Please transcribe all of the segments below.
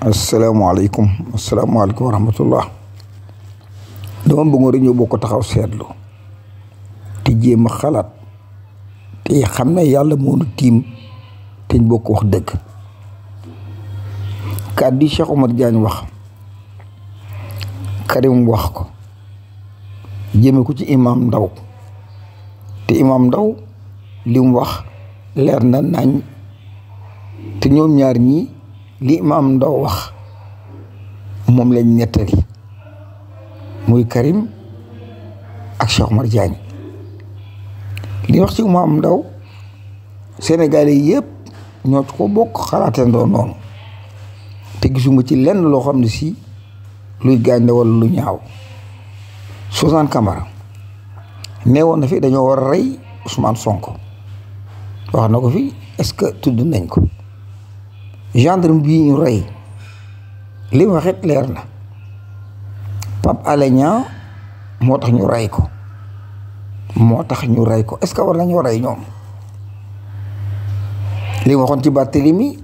asalaamaaleykum asalaamaaleykum wa rahmatullah dama bëggoon rek ñu bokk taxaw seetlu te jéem xalaat te xam na yàlla moo nu tiim te ñu bokk wax dëgg kàddu yi Cheikh Omar Diagne wax Karim wax ko jëme ko ci imam Ndaw te imaam Ndaw li wax leer na nañ te ñoom ñaar ñi li imaam Ndaw wax moom lañ nettali muy Karim ak Cheikh Omar Diagne wax ci imaam Ndaw Sénégalais yëpp ñoo ko bokk xalaatandoo noonu te gisuma ci lenn loo xam ne si luy gaañle wala lu ñaaw Suzanne Camara nee woon na fi dañoo war a rey Ousmane sonk wax na ko fi est-ce que tudd nañ ko gendarme bii ñu rey li waxit leer na Pape Alé moo tax ñu rey ko moo tax ñu rey ko est-ce que war nañoo rey ñoom li waxoon ci Barthélemy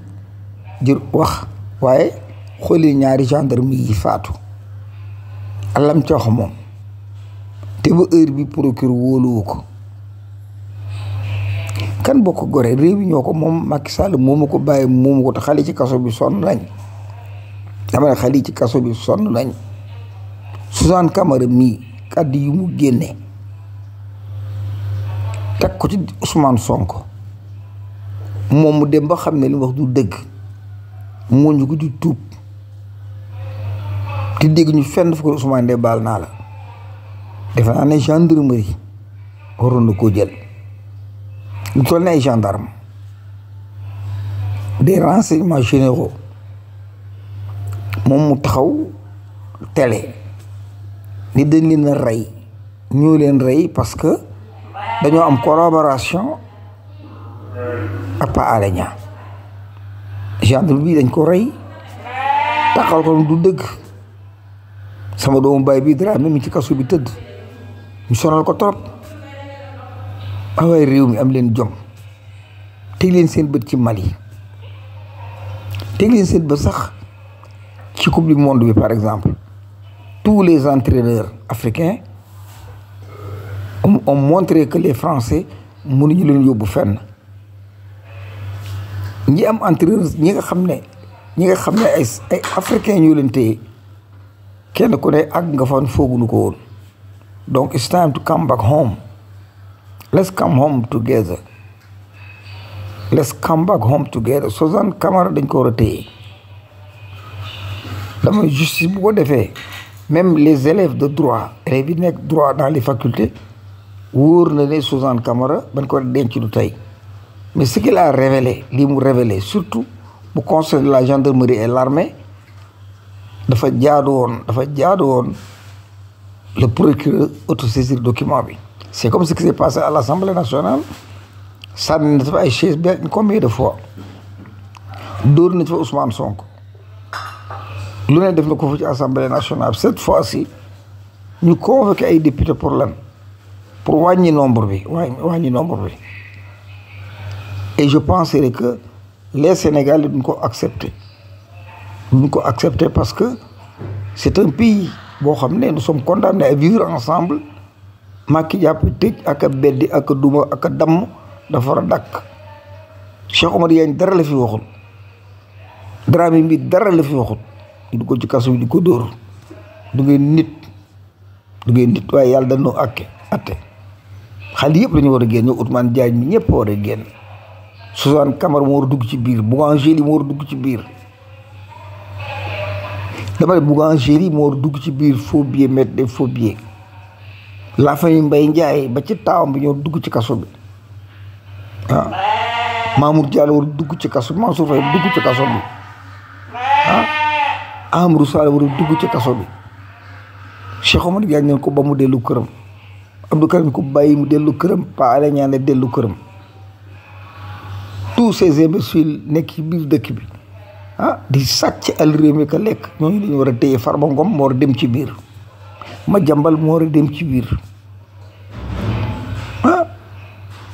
jur wax waaye xooli ñaari gendarme yi faatu alam coox moom te ba heure bi procureur wóoluwu ko kan boo ko goree réew mi ñoo ko moom Macky Sall moomu ko bàyyi moomu ko te xale ci kaso bi sonn lañ dama ne ci kaso bi sonn nañ Suzanne Camara mii kàdd yu mu génne teg ko ci Ousmane Sonko moom mu dem ba xam ne li wax du dëgg moo ñu ko tuub di dégg ñu fenn fu ko Ousmane de baal naa la defe naa ne gendarmerie waroon na koo jël lu toll ni ay gendarme des renseignements généraux moom mu taxaw tele ni dañ leen a rey ñoo leen rey parce que dañoo am collaboration ak Pa Alé Niang gendarme bi dañ ko rey taxal ko du dëgg sama doomu baay bi Dramé mi ci kaso bi tëdd ñu sonal ko trop waawaay réew mi am leen jom teg leen seen bët ci Mali teg leen seen bët sax ci coupe du monde bi par exemple tous les entraîneurs africains on montré que les Français mënuñu leen yóbbu fenn ñi am entraîneur ñi nga xam ne ñi nga xam ne ay africains ñoo leen téye kenn ku ne ak nga fan foogunu ko woon donc it's time to come back home. Let's come home together. Let's come back home together. Suzanne Camara dañ ko war a téye dama justice bu ko defee même les élèves de droit élèves yi nekk droit dans les facultés wóor na ne Suzanne Camara bañ koo war a denc du tey mais ce a révélé lii mu révélé surtout bu concerne la gendarmerie et l'armée dafa jaadu woon dafa jaadoo woon le procureur autosaisir document bi C'est comme ce qui s'est passé à l'Assemblée nationale. Ça ne pas ay chaise combien de fois. dóor nañ fa Ousmane sonk lu ne def na ko fa ci assemblée nationale cette fois ci ñu convoqué ay député pour lan pour wàññi nombre bi wàññi nombre bi et je penserais que les Sénégalais duñ ko accepter duñ ko accepter parce que c'est un pays boo xam ne nous sommes condamnés a vivre ensemble Macky jàpp tëj ak a beddi duma ak damm dafa war a dàkk Cheikh Omar dara la fi waxul Dramé bi dara la fi waxul di ko ci kaso bi di ko dóor du ngeen nit du ngeen nit waaye yàlla dañoo àkke atte xale yëpp lañu war a génn Ousmane Diagne mi ñëpp war a génn Suzanne Camara moo war a dugg ci biir Bougangeli moo war dugg ci biir dama ne Bougangeli moo war a dugg ci biir faux billets mettre des faux billets la fay mbay njaay ba ci taawam bi ñoo dugg ci kaso bi waaw ah. Mamour Diallo war dugg ci kaso bi Mansour Faye dugg ci kaso bi ah Amadou war dugg ci kaso bi Cheikh Omar Diagne ko ba mu dellu këram Abdou Karim ko bàyyi mu dellu këram Pa Alé Niang dellu këram tous ces imbéciles nekk ci biir dëkk bi ah di sàcc al réew mi ka lekk ñoo ñooñu dañu war a téye Farba Ngom moo war a dem ci biir ma jàmbal moo dem ci biir ah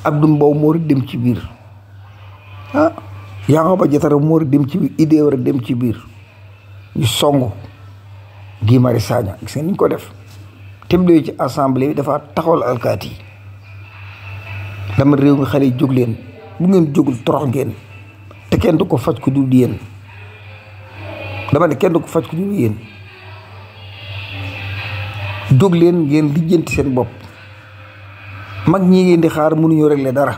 Abdou Mbow moo dem ci biir ah Yankhoba Diattara moo war ci biir idée war dem ci biir ñu songu Guy Marius Sagna gis ko def teblee ci assemblée bi dafa taxawal alkaati yi dama réew mi xale yi jóg leen bu ngeen jógul torox ngeen te kenn du ko faj ku dul yéen dama ne kenn du ko faj ku dul yéen jóg leen ngeen lijjanti seen bopp mag ñi ngeen di xaar mënuñu régler dara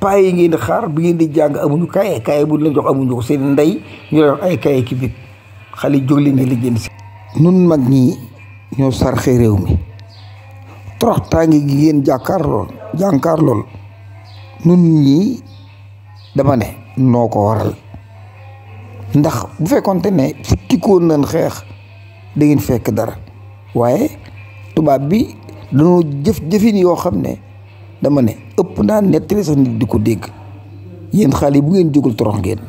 paa yi ngeen di xaar bi ngeen di jàng amuñu kaye kaye bu leen jox amuñu ko seen ndey ñu leen ay kaye ki bit xale jóg leen ngeen lijjanti seen mag ñi ñoo sarxe réew mi torox tàngi gi ngeen jàkkaar lool jànkaar lool nun ñi dama ne noo ko waral ndax bu fekkonte ne fukkikoon nañ xeex dangeen fekk dara waaye tubaab bi dañoo jëf jëfin yoo xam ne dama ne ëpp naa nettali sax nit di ko dégg yéen xale yi bu ngeen jógul torox ngeen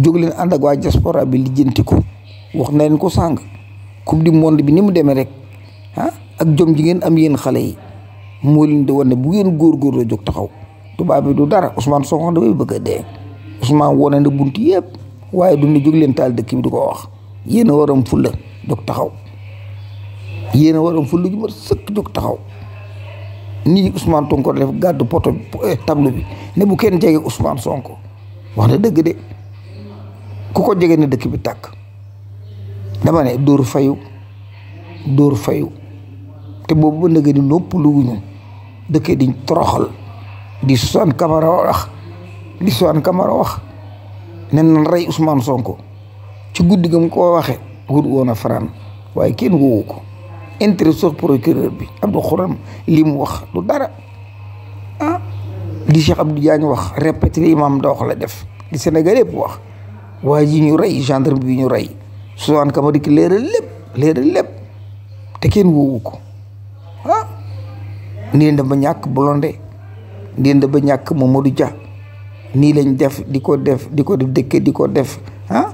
jóg leen ànd ak waa diaspora bi lijjanti ko wax na leen ko sàng coupe di monde bi ni mu demee rek ah ak jom ji ngeen am yéen xale yi moo leen di wan ne bu ngeen góor góor góorgóorloo jóg taxaw tubaab bi du dara Ousmane Sonko dafay bëgg a dee Ousmane wone na bunt yëpp waaye du ne jóg leen taal dëkk bi di ko wax yéen a waram fulla jóg taxaw yéen a waroon fulla ju ma sëkk jóg taxaw nii Ousmane Tounkara def gàddu poto eh, tableau bi ne bu kenn jege Ousmane Sonko wax na dëgg de ku ko jege ne dëkk bi tàkk dama dóor fayu dóor fayu te boobu ba ndëgg ni nopp luguñu dëkkee diñ toroxal di Sousane Camara wax di Sousane Camara wax ne rey Ousmane Sonko ci guddi gam ko waxee wut woon a faraan waaye kenn woowu ko intérêt sax procureur bi Abdou Khouram li mu wax du dara ah li Cheikh Abdou Diagne wax répété li imam da wax la def li Sénégal yëpp wax waa ji ñu rey gendarme bi ñu rey Sousane Kamara ki leeral lépp leeral lépp te kenn woowu ko ah nii da ba ñàkk Blondé nii da ba ñàkk du Dia nii lañ def di ko def di ko def dëkk di ko def ah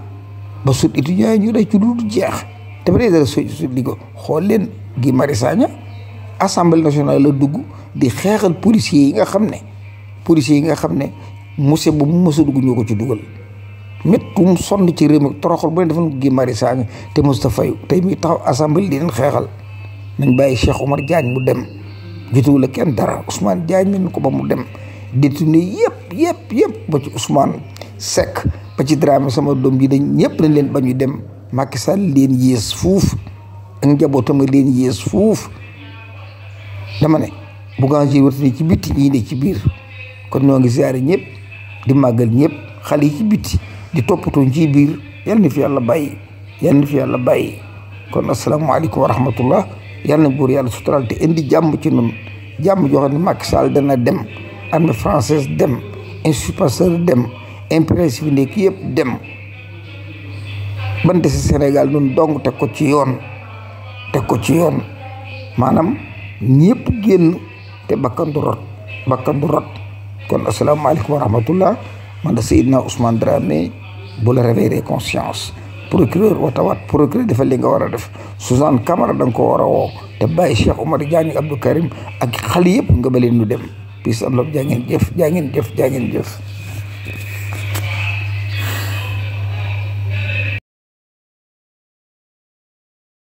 ba sut étudiant ñu du jeex te président su di ko xool leen Guy Marius Sagna assemblée nationale la dugg di xeexal policiers yi nga xam ne policiers yi nga xam ne monsieur bu mu mës dugg ñoo ko ci dugal métti mu sonn ci réew mi toroxal bu ne defoon Guy Marius Sagna te mosut a fayu tey muy taxaw assemblée di leen xeexal nañ bàyyi Cheikh Omar jaañ mu dem jotuwul la kenn dara Ousmane Diagne nañ ko ba mu dem détenu yëpp yëpp yëpp ba ci Ousmane Seck ba ci Dramé sama doom yi dañ ñëpp dañ leen ba ñu dem. Macky Sall leen yées fuuf ak njabootama leen yées fuuf dama ne Bougangé wër ci bitti ñii ne ci biir kon ñoo ngi ziare ñëpp di màggal ñëpp xale yi ci bitti di toppatoo ci biir yal na fi yàlla bàyyi yal na fi yàlla bàyyi kon asalaamaaleykum wa rahmatullah yal na buur yàlla sutural indi jàmm ci nun jàmm joo xam ne Macky Sall dana dem armée française dem insupasseur dem impérialiste bi nekk yëpp dem bante si Sénégal ñun donc teg ko ci yoon teg ko ci yoon maanaam ñëpp génn te bakkan du rot bakkan du rot kon asalaamaaleykum wa rahmatullah man da Seydina Ousmane Dramé bu la réveiller conscience procureur watawaat procureur defal li nga war def Suzanne Camara da nga ko war woo te bàyyi Cheikh Omar Diagne Abdou Karim ak xale yëpp nga ba leen ñu dem peace and love jaa ngeen jëf jaa ngeen jëf jaa jëf